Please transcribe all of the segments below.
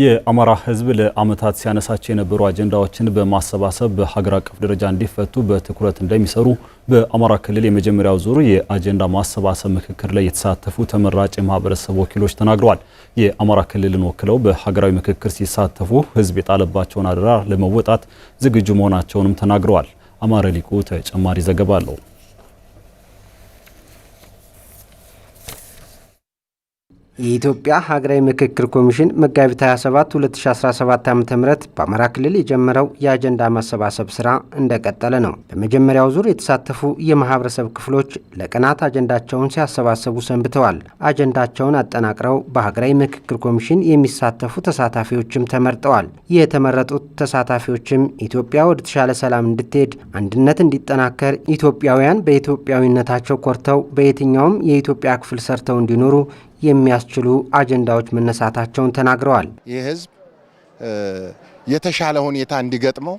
የአማራ ህዝብ ለአመታት ሲያነሳቸው የነበሩ አጀንዳዎችን በማሰባሰብ በሀገር አቀፍ ደረጃ እንዲፈቱ በትኩረት እንደሚሰሩ በአማራ ክልል የመጀመሪያው ዙር የአጀንዳ ማሰባሰብ ምክክር ላይ የተሳተፉ ተመራጭ የማህበረሰብ ወኪሎች ተናግረዋል። የአማራ ክልልን ወክለው በሀገራዊ ምክክር ሲሳተፉ ህዝብ የጣለባቸውን አደራ ለመወጣት ዝግጁ መሆናቸውንም ተናግረዋል። አማረ ሊቁ ተጨማሪ ዘገባ አለው። የኢትዮጵያ ሀገራዊ ምክክር ኮሚሽን መጋቢት 27 2017 ዓ ም በአማራ ክልል የጀመረው የአጀንዳ ማሰባሰብ ስራ እንደቀጠለ ነው። በመጀመሪያው ዙር የተሳተፉ የማህበረሰብ ክፍሎች ለቀናት አጀንዳቸውን ሲያሰባሰቡ ሰንብተዋል። አጀንዳቸውን አጠናቅረው በሀገራዊ ምክክር ኮሚሽን የሚሳተፉ ተሳታፊዎችም ተመርጠዋል። ይህ የተመረጡት ተሳታፊዎችም ኢትዮጵያ ወደ ተሻለ ሰላም እንድትሄድ፣ አንድነት እንዲጠናከር፣ ኢትዮጵያውያን በኢትዮጵያዊነታቸው ኮርተው በየትኛውም የኢትዮጵያ ክፍል ሰርተው እንዲኖሩ የሚያስችሉ አጀንዳዎች መነሳታቸውን ተናግረዋል። ይህ ህዝብ የተሻለ ሁኔታ እንዲገጥመው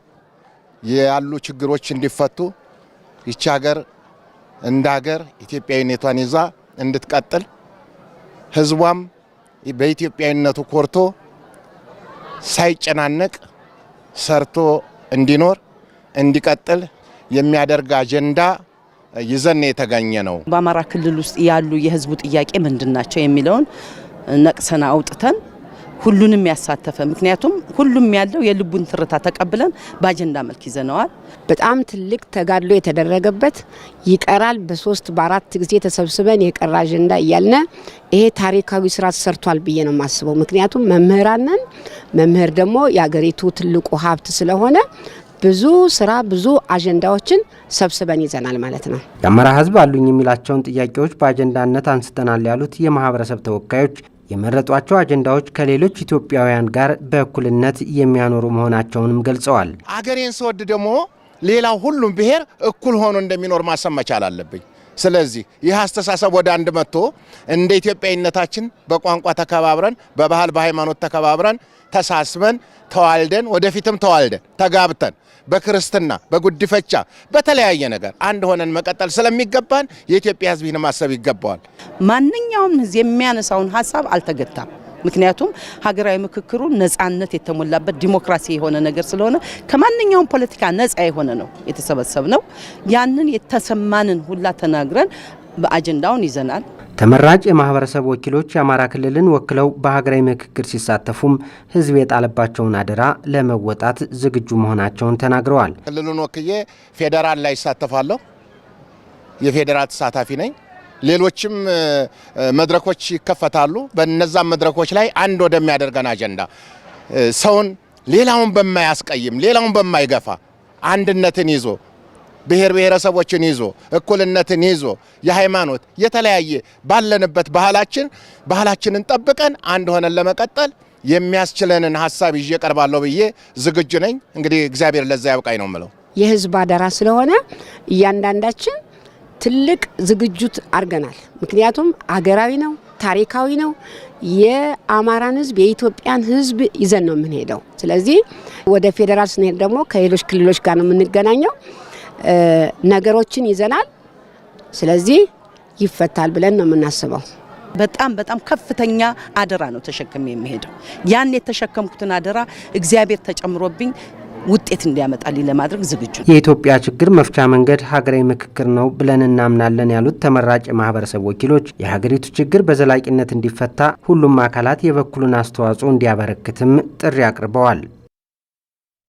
ያሉ ችግሮች እንዲፈቱ ይቺ ሀገር እንደ ሀገር ኢትዮጵያዊነቷን ይዛ እንድትቀጥል ህዝቧም በኢትዮጵያዊነቱ ኮርቶ ሳይጨናነቅ ሰርቶ እንዲኖር እንዲቀጥል የሚያደርግ አጀንዳ ይዘን የተገኘ ነው። በአማራ ክልል ውስጥ ያሉ የህዝቡ ጥያቄ ምንድን ናቸው የሚለውን ነቅሰን አውጥተን ሁሉንም ያሳተፈ ምክንያቱም ሁሉም ያለው የልቡን ትርታ ተቀብለን በአጀንዳ መልክ ይዘነዋል። በጣም ትልቅ ተጋድሎ የተደረገበት ይቀራል። በሶስት በአራት ጊዜ ተሰብስበን የቀረ አጀንዳ እያልነ ይሄ ታሪካዊ ስራ ተሰርቷል ብዬ ነው የማስበው። ምክንያቱም መምህራንን መምህር ደግሞ የአገሪቱ ትልቁ ሀብት ስለሆነ ብዙ ስራ ብዙ አጀንዳዎችን ሰብስበን ይዘናል ማለት ነው። የአማራ ህዝብ አሉኝ የሚላቸውን ጥያቄዎች በአጀንዳነት አንስተናል ያሉት የማህበረሰብ ተወካዮች የመረጧቸው አጀንዳዎች ከሌሎች ኢትዮጵያውያን ጋር በእኩልነት የሚያኖሩ መሆናቸውንም ገልጸዋል። አገሬን ስወድ ደግሞ ሌላው ሁሉም ብሔር እኩል ሆኖ እንደሚኖር ማሰብ መቻል አለብኝ። ስለዚህ ይህ አስተሳሰብ ወደ አንድ መጥቶ እንደ ኢትዮጵያዊነታችን በቋንቋ ተከባብረን፣ በባህል በሃይማኖት ተከባብረን፣ ተሳስበን፣ ተዋልደን፣ ወደፊትም ተዋልደን፣ ተጋብተን፣ በክርስትና፣ በጉድፈቻ፣ በተለያየ ነገር አንድ ሆነን መቀጠል ስለሚገባን የኢትዮጵያ ሕዝብ ይህን ማሰብ ይገባዋል። ማንኛውም ሕዝብ የሚያነሳውን ሀሳብ አልተገታም። ምክንያቱም ሀገራዊ ምክክሩ ነጻነት የተሞላበት ዲሞክራሲ የሆነ ነገር ስለሆነ ከማንኛውም ፖለቲካ ነጻ የሆነ ነው የተሰበሰብ ነው። ያንን የተሰማንን ሁላ ተናግረን በአጀንዳውን ይዘናል። ተመራጭ የማህበረሰብ ወኪሎች የአማራ ክልልን ወክለው በሀገራዊ ምክክር ሲሳተፉም ህዝብ የጣለባቸውን አደራ ለመወጣት ዝግጁ መሆናቸውን ተናግረዋል። ክልሉን ወክዬ ፌዴራል ላይ ይሳተፋለሁ። የፌዴራል ተሳታፊ ነኝ። ሌሎችም መድረኮች ይከፈታሉ። በነዛ መድረኮች ላይ አንድ ወደሚያደርገን አጀንዳ ሰውን ሌላውን በማያስቀይም ሌላውን በማይገፋ አንድነትን ይዞ ብሔር ብሔረሰቦችን ይዞ እኩልነትን ይዞ የሃይማኖት የተለያየ ባለንበት ባህላችን ባህላችንን ጠብቀን አንድ ሆነን ለመቀጠል የሚያስችለንን ሀሳብ ይዤ ቀርባለሁ ብዬ ዝግጁ ነኝ። እንግዲህ እግዚአብሔር ለዛ ያብቃኝ ነው ምለው የህዝብ አደራ ስለሆነ እያንዳንዳችን ትልቅ ዝግጁት አድርገናል። ምክንያቱም አገራዊ ነው፣ ታሪካዊ ነው። የአማራን ህዝብ የኢትዮጵያን ህዝብ ይዘን ነው የምንሄደው። ስለዚህ ወደ ፌዴራል ስንሄድ ደግሞ ከሌሎች ክልሎች ጋር ነው የምንገናኘው። ነገሮችን ይዘናል። ስለዚህ ይፈታል ብለን ነው የምናስበው። በጣም በጣም ከፍተኛ አደራ ነው ተሸክሜ የሚሄደው። ያን የተሸከምኩትን አደራ እግዚአብሔር ተጨምሮብኝ ውጤት እንዲያመጣልኝ ለማድረግ ዝግጁ ነው። የኢትዮጵያ ችግር መፍቻ መንገድ ሀገራዊ ምክክር ነው ብለን እናምናለን ያሉት ተመራጭ የማህበረሰብ ወኪሎች የሀገሪቱ ችግር በዘላቂነት እንዲፈታ ሁሉም አካላት የበኩሉን አስተዋጽኦ እንዲያበረክትም ጥሪ አቅርበዋል።